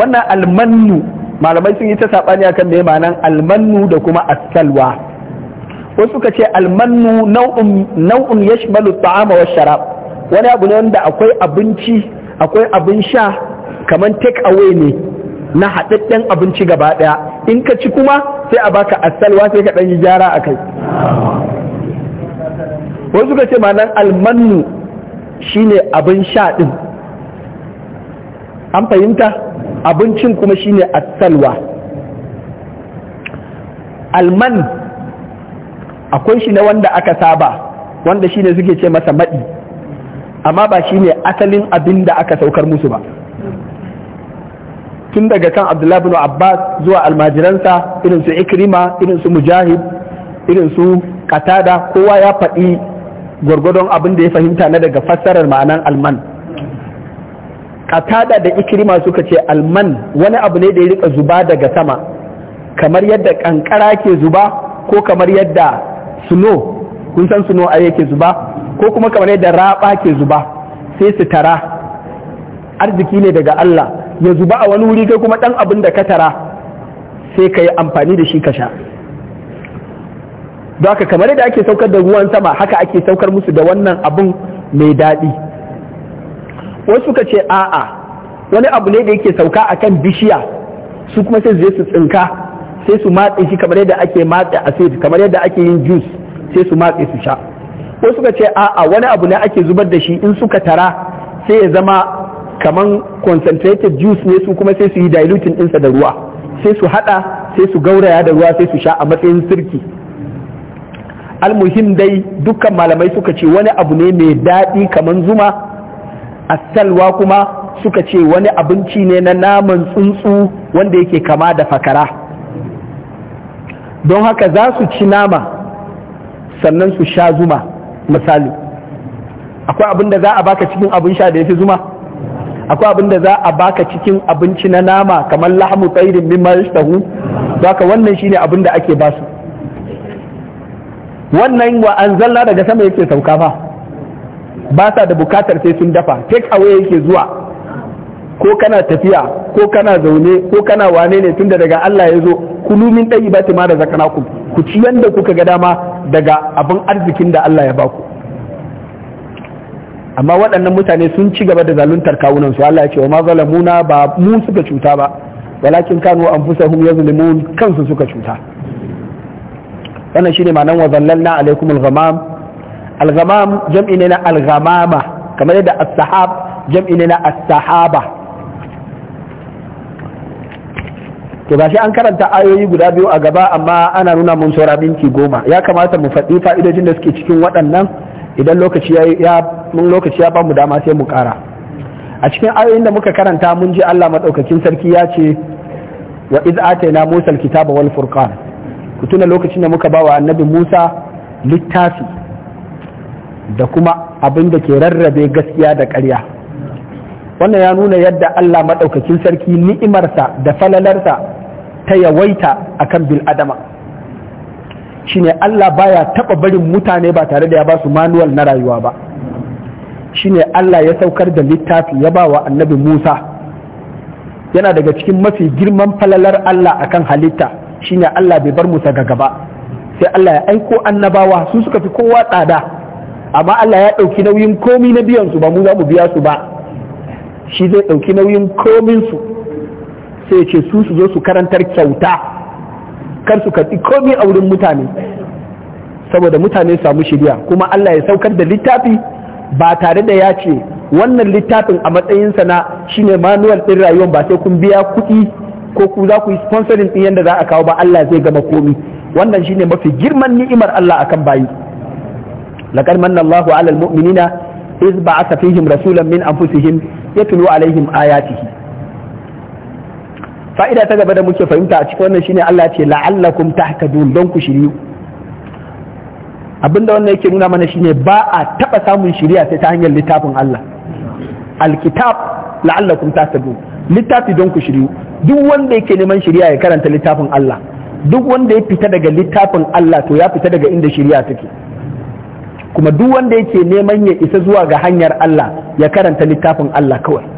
wannan almannu malamai sun yi ta saɓani akan me ma'anan almannu da kuma asalwa wasu suka ce almannu nau'un nau'un yashmalu ta'ama wa sharab wani abu ne wanda akwai abinci akwai abin sha kamar take away ne na haɗaɗɗen abinci gaba ɗaya in ka ci kuma sai a baka asalwa sai ka ɗan yi gyara a kai wasu suka ce almanu almannu ne abin sha ɗin an fahimta abincin kuma shi ne asalwa alman akwai shi na wanda aka saba wanda shi ne suke ce masa maɗi amma ba shi ne asalin abin da aka saukar musu ba tun daga kan abdullahi bin abbas zuwa almajiransa irin su ikrima irin su mujahid irin su katada kowa ya faɗi gwargwadon abin da ya fahimta na daga fassarar ma'anan alman katada da ikirima suka ce alman wani abu ne da ya rika zuba daga sama kamar yadda kankara ke zuba ko kamar yadda suno kun san suno a yake zuba ko kuma kamar yadda raba ke zuba sai su tara arziki ne daga Allah ya zuba a wani wuri kai kuma ɗan abin da ka tara sai ka yi amfani da shi ka sha don haka kamar da ake saukar da ruwan sama haka ake saukar musu da wannan abin mai daɗi wasu ka ce a'a wani abu ne da yake sauka a kan bishiya su kuma sai su tsinka sai su matse shi kamar yadda ake matse acid kamar yadda ake yin juice sai su matse su sha wasu ka ce a'a wani abu ne ake zubar da shi in suka tara sai ya zama kaman concentrated juice ne su kuma sai su yi diluting ɗinsa da ruwa sai su haɗa sai su gauraya da ruwa sai su sha a matsayin sirki almuhim dai dukkan malamai suka ce wani abu ne mai daɗi kaman zuma asalwa kuma suka ce wani abinci ne na naman tsuntsu wanda yake kama da fakara don haka za su ci nama sannan su sha zuma misali akwai abin da za a baka cikin abin sha da ya fi zuma akwai abin da za a baka cikin abinci na nama kamar lahmu tsairin mimma yashtahu baka wannan shine abin da ake basu wannan wa zalla daga sama yake sauka fa ba sa da bukatar sai sun dafa take away yake zuwa ko kana tafiya ko kana zaune ko kana wane ne tunda daga Allah ya zo kulu min dayi ba ma da zakana ku ci yanda kuka ga dama daga abin arzikin da Allah ya baku amma waɗannan mutane sun ci gaba da zaluntar kawunan su Allah ya ce wa ma zalamuna ba mu suka cuta ba walakin kanu anfusahum yazlimun kansu suka cuta wannan shine ma'anar wa zallalna alaikum al-ghamam al-ghamam jam'i ne na al-ghamama kamar yadda as-sahab jam'i ne na as-sahaba to shi an karanta ayoyi guda biyu a gaba amma ana nuna mun saura minti goma ya kamata mu faɗi fa'idojin da suke cikin waɗannan idan lokaci ya lokaci ya bamu dama sai mu kara a cikin ayoyin da muka karanta mun ji Allah madaukakin sarki ya ce wa iz ataina Musa alkitaba wal furqan ku tuna lokacin da muka bawa annabi Musa littafi da kuma abin da ke rarrabe gaskiya da ƙarya wannan ya nuna yadda Allah madaukakin sarki ni'imarsa da falalarsa ta yawaita akan bil adama shine Allah baya taba barin mutane ba tare da ya ba su manuwal na rayuwa ba shine Allah ya saukar da littafi ya ba wa annabi Musa yana daga cikin mafi girman falalar Allah akan halitta shine Allah bai bar Musa ga gaba sai Allah ya aiko annabawa su suka fi kowa tsada amma Allah ya ɗauki nauyin komi na biyan su ba mu za mu biya su ba shi zai ɗauki nauyin komin su sai ce su su zo su karantar kyauta kar su karɓi komi a wurin mutane saboda mutane samu shirya kuma Allah ya saukar da littafi ba tare da ya ce wannan littafin a matsayinsa na shine manuwal ɗin rayuwar ba sai kun biya kuɗi ko ku za ku yi sponsorin ɗin yadda za a kawo ba Allah zai gama komi wannan shine mafi girman ni'imar Allah akan bayi laqad manna Allahu 'alal mu'minina iz ba'atha fihim rasulan min anfusihim yatlu alaihim ayatihi fa'ida ta gaba da muke fahimta a cikin wannan shine Allah ce la'allakum tahtadun don ku shiryu abinda wannan yake nuna mana shine ba a taba samun shiriya sai ta hanyar littafin Allah alkitab la'allakum tahtadun littafi don ku shiryu duk wanda yake neman shiriya ya karanta littafin Allah duk wanda ya fita daga littafin Allah to ya fita daga inda shiriya take kuma duk wanda yake neman ya isa zuwa ga hanyar Allah ya karanta littafin Allah kawai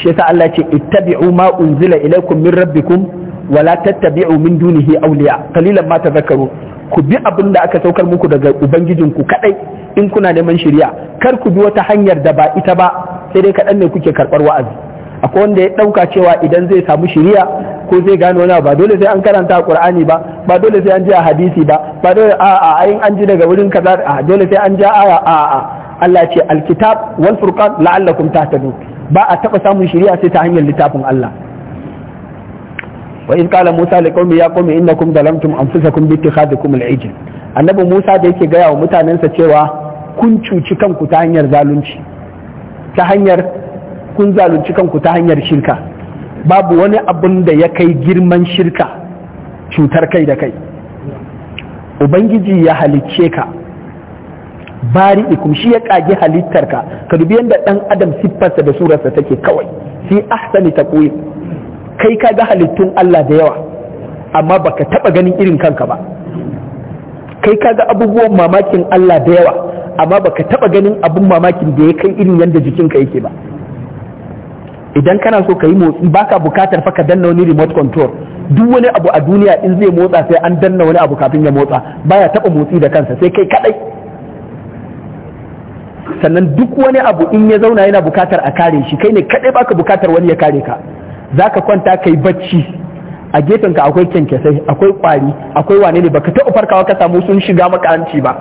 shi yasa Allah ce ittabi'u ma unzila ilaykum min rabbikum wa la tattabi'u min dunihi awliya qalilan ma tadhakkaru ku bi abin da aka saukar muku daga ubangijinku kadai in kuna neman shari'a kar ku bi wata hanyar da ba ita ba sai dai kaɗan ne kuke karbar wa'azi akwai wanda ya ɗauka cewa idan zai samu shiriya ko zai gano wani ba dole sai an karanta qur'ani ba ba dole sai an ji a hadisi ba ba dole a a ayin an ji daga wurin kaza a dole sai an ji a a a Allah ce alkitab wal furqan la'allakum tahtadun ba a taɓa samun shari'a sai ta hanyar littafin Allah wa in qala Musa liqaumi ya qaumi innakum zalamtum anfusakum bi ittikhadikum al-ijl annabi Musa da yake gaya wa mutanensa cewa kun cuci kanku ta hanyar zalunci ta hanyar kun zalunci kanku ta hanyar shirka babu wani abin da ya kai girman shirka cutar kai da kai ubangiji ya halicce ka ikum shi ya kage halittarka ka dubi yadda dan adam siffarsa da surarsa take kawai fi ahsani taqwim kai ka ga halittun Allah da yawa amma baka taba ganin irin kanka ba kai ka ga abubuwan mamakin Allah da yawa amma baka taba ganin abun mamakin da ya kai irin yadda jikinka yake ba idan kana so ka yi motsi baka bukatar fa ka danna wani remote control duk wani abu a duniya in zai motsa sai an danna wani abu kafin ya motsa baya taba motsi da kansa sai kai kadai sannan duk wani abu in ya zauna yana bukatar a kare shi kai ne kadai baka bukatar wani ya kare ka zaka kwanta kai bacci a gefen ka akwai kyankyasai akwai kwari akwai wane ne baka taɓa farkawa ka samu sun shiga makaranci ba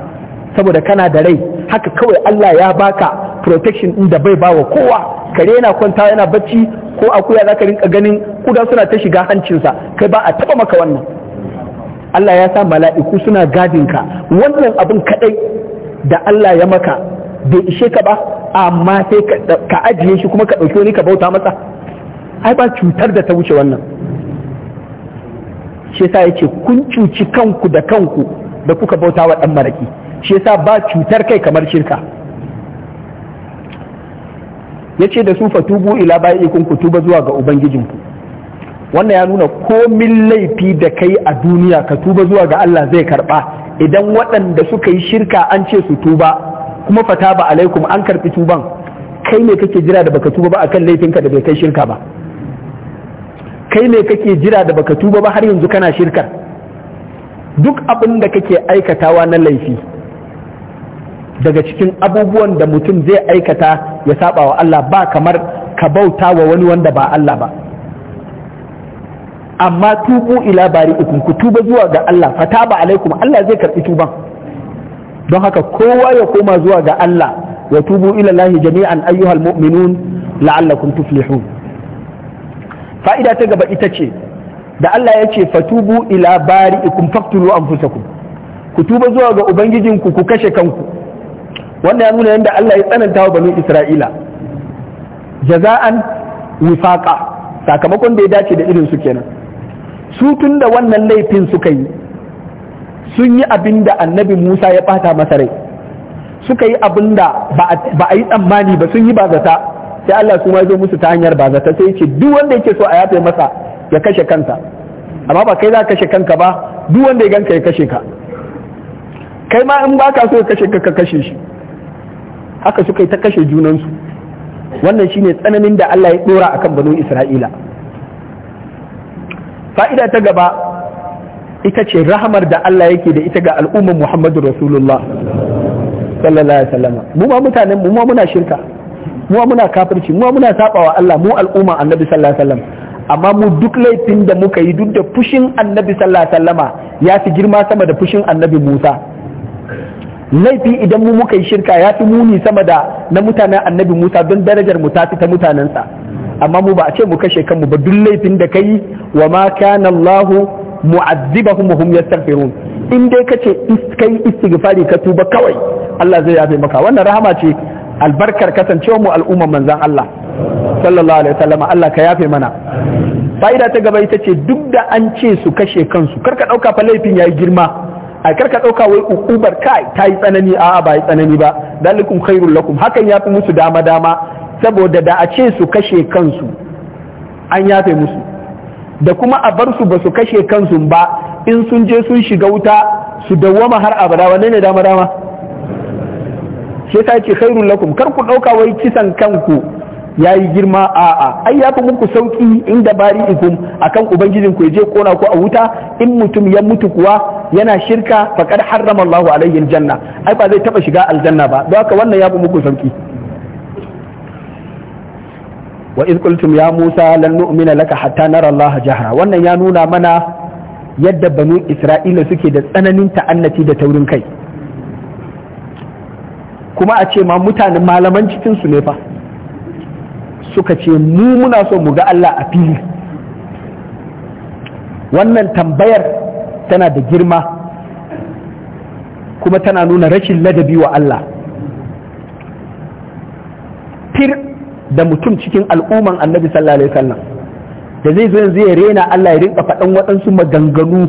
saboda kana da rai haka kawai Allah ya baka protection din da bai bawa kowa kare yana kwanta yana bacci ko akuya zaka rinka ganin kuda suna ta shiga hancinsa kai ba a taɓa maka wannan Allah ya sa mala'iku suna gadin ka, wannan abin kadai da Allah ya maka bai ishe ka ba amma sai ka ajiye shi kuma ka ɗauki wani ka bauta masa ai ba cutar da ta wuce wannan shi yasa yace kun cuci kanku da kanku da kuka bauta wa dan maraki shi yasa ba cutar kai kamar shirka yace da su fatubu ila ba'ikum ku tuba zuwa ga ubangijinku wannan ya nuna komin laifi da kai a duniya ka tuba zuwa ga Allah zai karba idan waɗanda suka yi shirka an ce su tuba kuma fata ba alaikum an karfi tuban kai ne kake jira da baka tuba ba akan laifinka da bai kai shirka ba kai ne kake jira da baka tuba ba har yanzu kana shirkar duk abin da kake aikatawa na laifi daga cikin abubuwan da mutum zai aikata ya saba wa Allah ba kamar ka bauta wa wani wanda ba Allah ba amma tubu ila bari ku tuba zuwa ga Allah fata ba alaikum Allah zai karbi tuban don haka kowa ya koma zuwa ga Allah wa tubu ila lahi jami'an ayyuhal mu'minun la'allakum tuflihun fa'ida ta gaba ita ce da Allah ya ce fatubu ila bari'ikum faqtulu anfusakum ku tuba zuwa ga ubangijinku ku kashe kanku wannan ya nuna yadda Allah ya tsananta wa bani Isra'ila jaza'an wifaqa sakamakon da ya dace da irin su kenan su tunda wannan laifin suka yi sun yi abin da annabi Musa ya ɓata masa rai suka yi abin da ba a yi tsammani ba sun yi ba zata sai Allah kuma ya zo musu ta hanyar ba zata sai ce duk wanda yake so a yafe masa ya kashe kansa amma ba kai za ka kashe kanka ba duk wanda ya ganka ya kashe ka kai ma in ba ka so ya kashe ka ka kashe shi haka suka yi ta kashe junansu wannan shine tsananin da Allah ya dora akan banu Isra'ila fa'ida ta gaba ita ce rahamar da Allah yake da ita ga al'ummar Muhammadu Rasulullah sallallahu alaihi wasallam mu ma mutanen mu muna shirka mu muna kafirci mu ma muna sabawa Allah mu al'umma Annabi sallallahu alaihi wasallam amma mu duk laifin da muka yi duk da fushin Annabi sallallahu alaihi wasallama ya fi girma sama da fushin Annabi Musa laifi idan mu muka yi shirka ya fi muni sama da na mutanen Annabi Musa don darajar mu ta fi ta mutanensa amma mu ba a ce mu kashe kanmu ba duk laifin da kai wa ma kana Allahu mu'azzibahum wa hum yastaghfirun in dai kace kai istighfari ka tuba kawai Allah zai yafe maka wannan rahama ce albarkar kasancewa mu al'umman manzan Allah sallallahu alaihi wasallam Allah ka yafe mana fa'ida ta gaba ita ce duk da an ce su kashe kansu karka dauka fa laifin yayi girma karka dauka wai ukubar kai ta yi tsanani a ba yi tsanani ba dalikum khairul lakum hakan yafi musu dama dama saboda da a ce su kashe kansu an yafe musu da kuma a bar su ba su kashe kansu ba in sun je sun shiga wuta su dawwama har abada wannan ne dama dama shi yasa ce khairul lakum kar ku dauka wai kisan kanku yayi girma a'a ai yafi muku sauki inda ikum akan ubangijin ku je kona ku a wuta in mutum ya mutu kuwa yana shirka faqad harrama Allahu alayhi aljanna ai ba zai taba shiga aljanna ba don haka wannan yafi muku sauki wa iz qultum ya musa lan nu'mina laka hatta nara allaha jahra wannan ya nuna mana yadda banu isra'ila suke da tsananin ta'annati da taurin kai kuma a ce ma mutanen malaman cikin su ne fa suka ce mu muna so mu ga Allah a fili wannan tambayar tana da girma kuma tana nuna rashin ladabi wa Allah fir da mutum cikin al'umman annabi sallallahu alaihi wasallam da zai zo yanzu ya rena Allah ya rinka faɗan waɗansu maganganu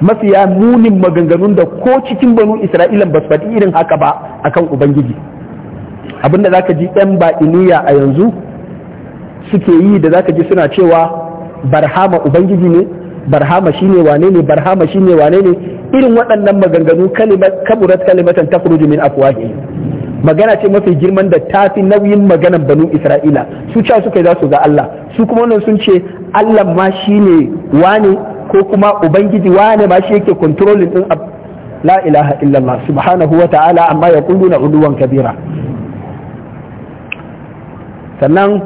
mafiya munin maganganun da ko cikin banu isra'ila ba su faɗi irin haka ba akan ubangiji abinda zaka ji yan baɗiniya a yanzu suke yi da zaka ji suna cewa barhama ubangiji ne barhama shine wane ne barhama shine wane ne irin waɗannan maganganu kaburat kalimatan takhruju min afwahihim magana ce mafi girman da ta fi nauyin maganan banu isra'ila su cewa suka yi za su ga Allah su kuma wannan sun ce Allah ma shi ne wane ko kuma ubangiji wane ma shi yake controlling din la ilaha illallah subhanahu wa ta'ala amma ya na uduwan kabira sannan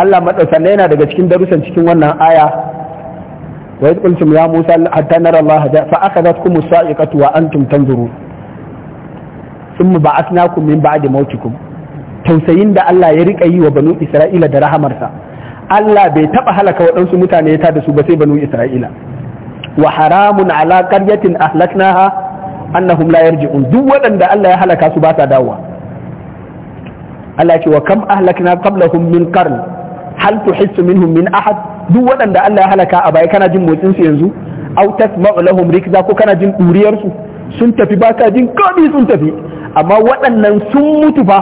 Allah maɗausanna yana daga cikin darussan cikin wannan aya wa yadda ya musa hatta nara Allah fa akhadatkum sa'iqatu wa antum tanzurun thumma ba'athnakum min ba'di mautikum tausayin da Allah ya riƙa yi wa banu Isra'ila da rahamarsa Allah bai taba halaka waɗansu mutane ya tada su ba sai banu Isra'ila wa haramun ala qaryatin ahlaknaha annahum la yarji'un duk waɗanda Allah ya halaka su ba sa dawowa Allah ce wa kam ahlakna qablahum min qarn hal tuhissu minhum min ahad duk waɗanda Allah ya halaka a baya kana jin motsin su yanzu au tasma'u lahum rikza ko kana jin duriyar su sun tafi ba ka jin komi sun tafi amma waɗannan sun mutu fa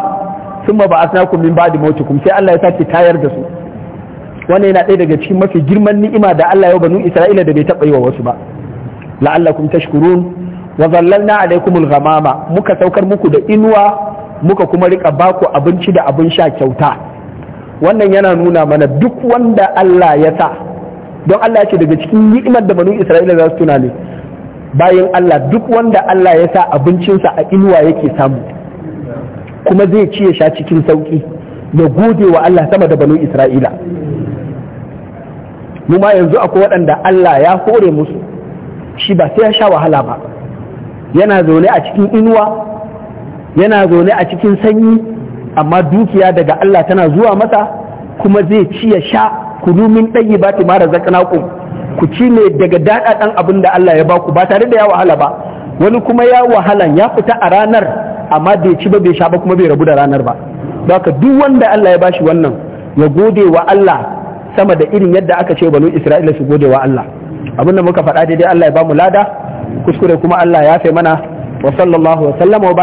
sun ba asna kun min ba'di kuma sai Allah ya sake tayar da su wannan yana ɗaya daga cikin mafi girman ni'ima da Allah ya banu Isra'ila da bai taɓa yi wa wasu ba la'allakum tashkurun wa zallalna alaikumul ghamama muka saukar muku da inuwa muka kuma rika baku abinci da abin sha kyauta wannan yana nuna mana duk wanda Allah ya sa don Allah ya ce daga cikin ni'imar da banu Isra'ila za su tuna ne bayan Allah duk wanda Allah ya sa abincinsa a inuwa yake samu kuma zai ci sha cikin sauki ya gode wa Allah sama da banu Isra'ila mu ma yanzu akwai waɗanda Allah ya hore musu shi ba sai ya sha wahala ba yana zaune a cikin inuwa yana zaune a cikin sanyi amma dukiya daga Allah tana zuwa masa kuma zai ci ya sha kulu ɗayi ba ta mara zakanakun ku ci ne daga daɗaɗan abin da Allah ya baku ba tare da ya wahala ba wani kuma ya wahalan ya fita a ranar amma bai ci ba bai sha ba kuma bai rabu da ranar ba baka duk wanda Allah ya bashi wannan ya gode wa Allah sama da irin yadda aka ce banu Isra'ila su gode wa Allah abin muka faɗa daidai Allah ya bamu lada kuskure kuma Allah ya fe mana wa sallallahu wa sallama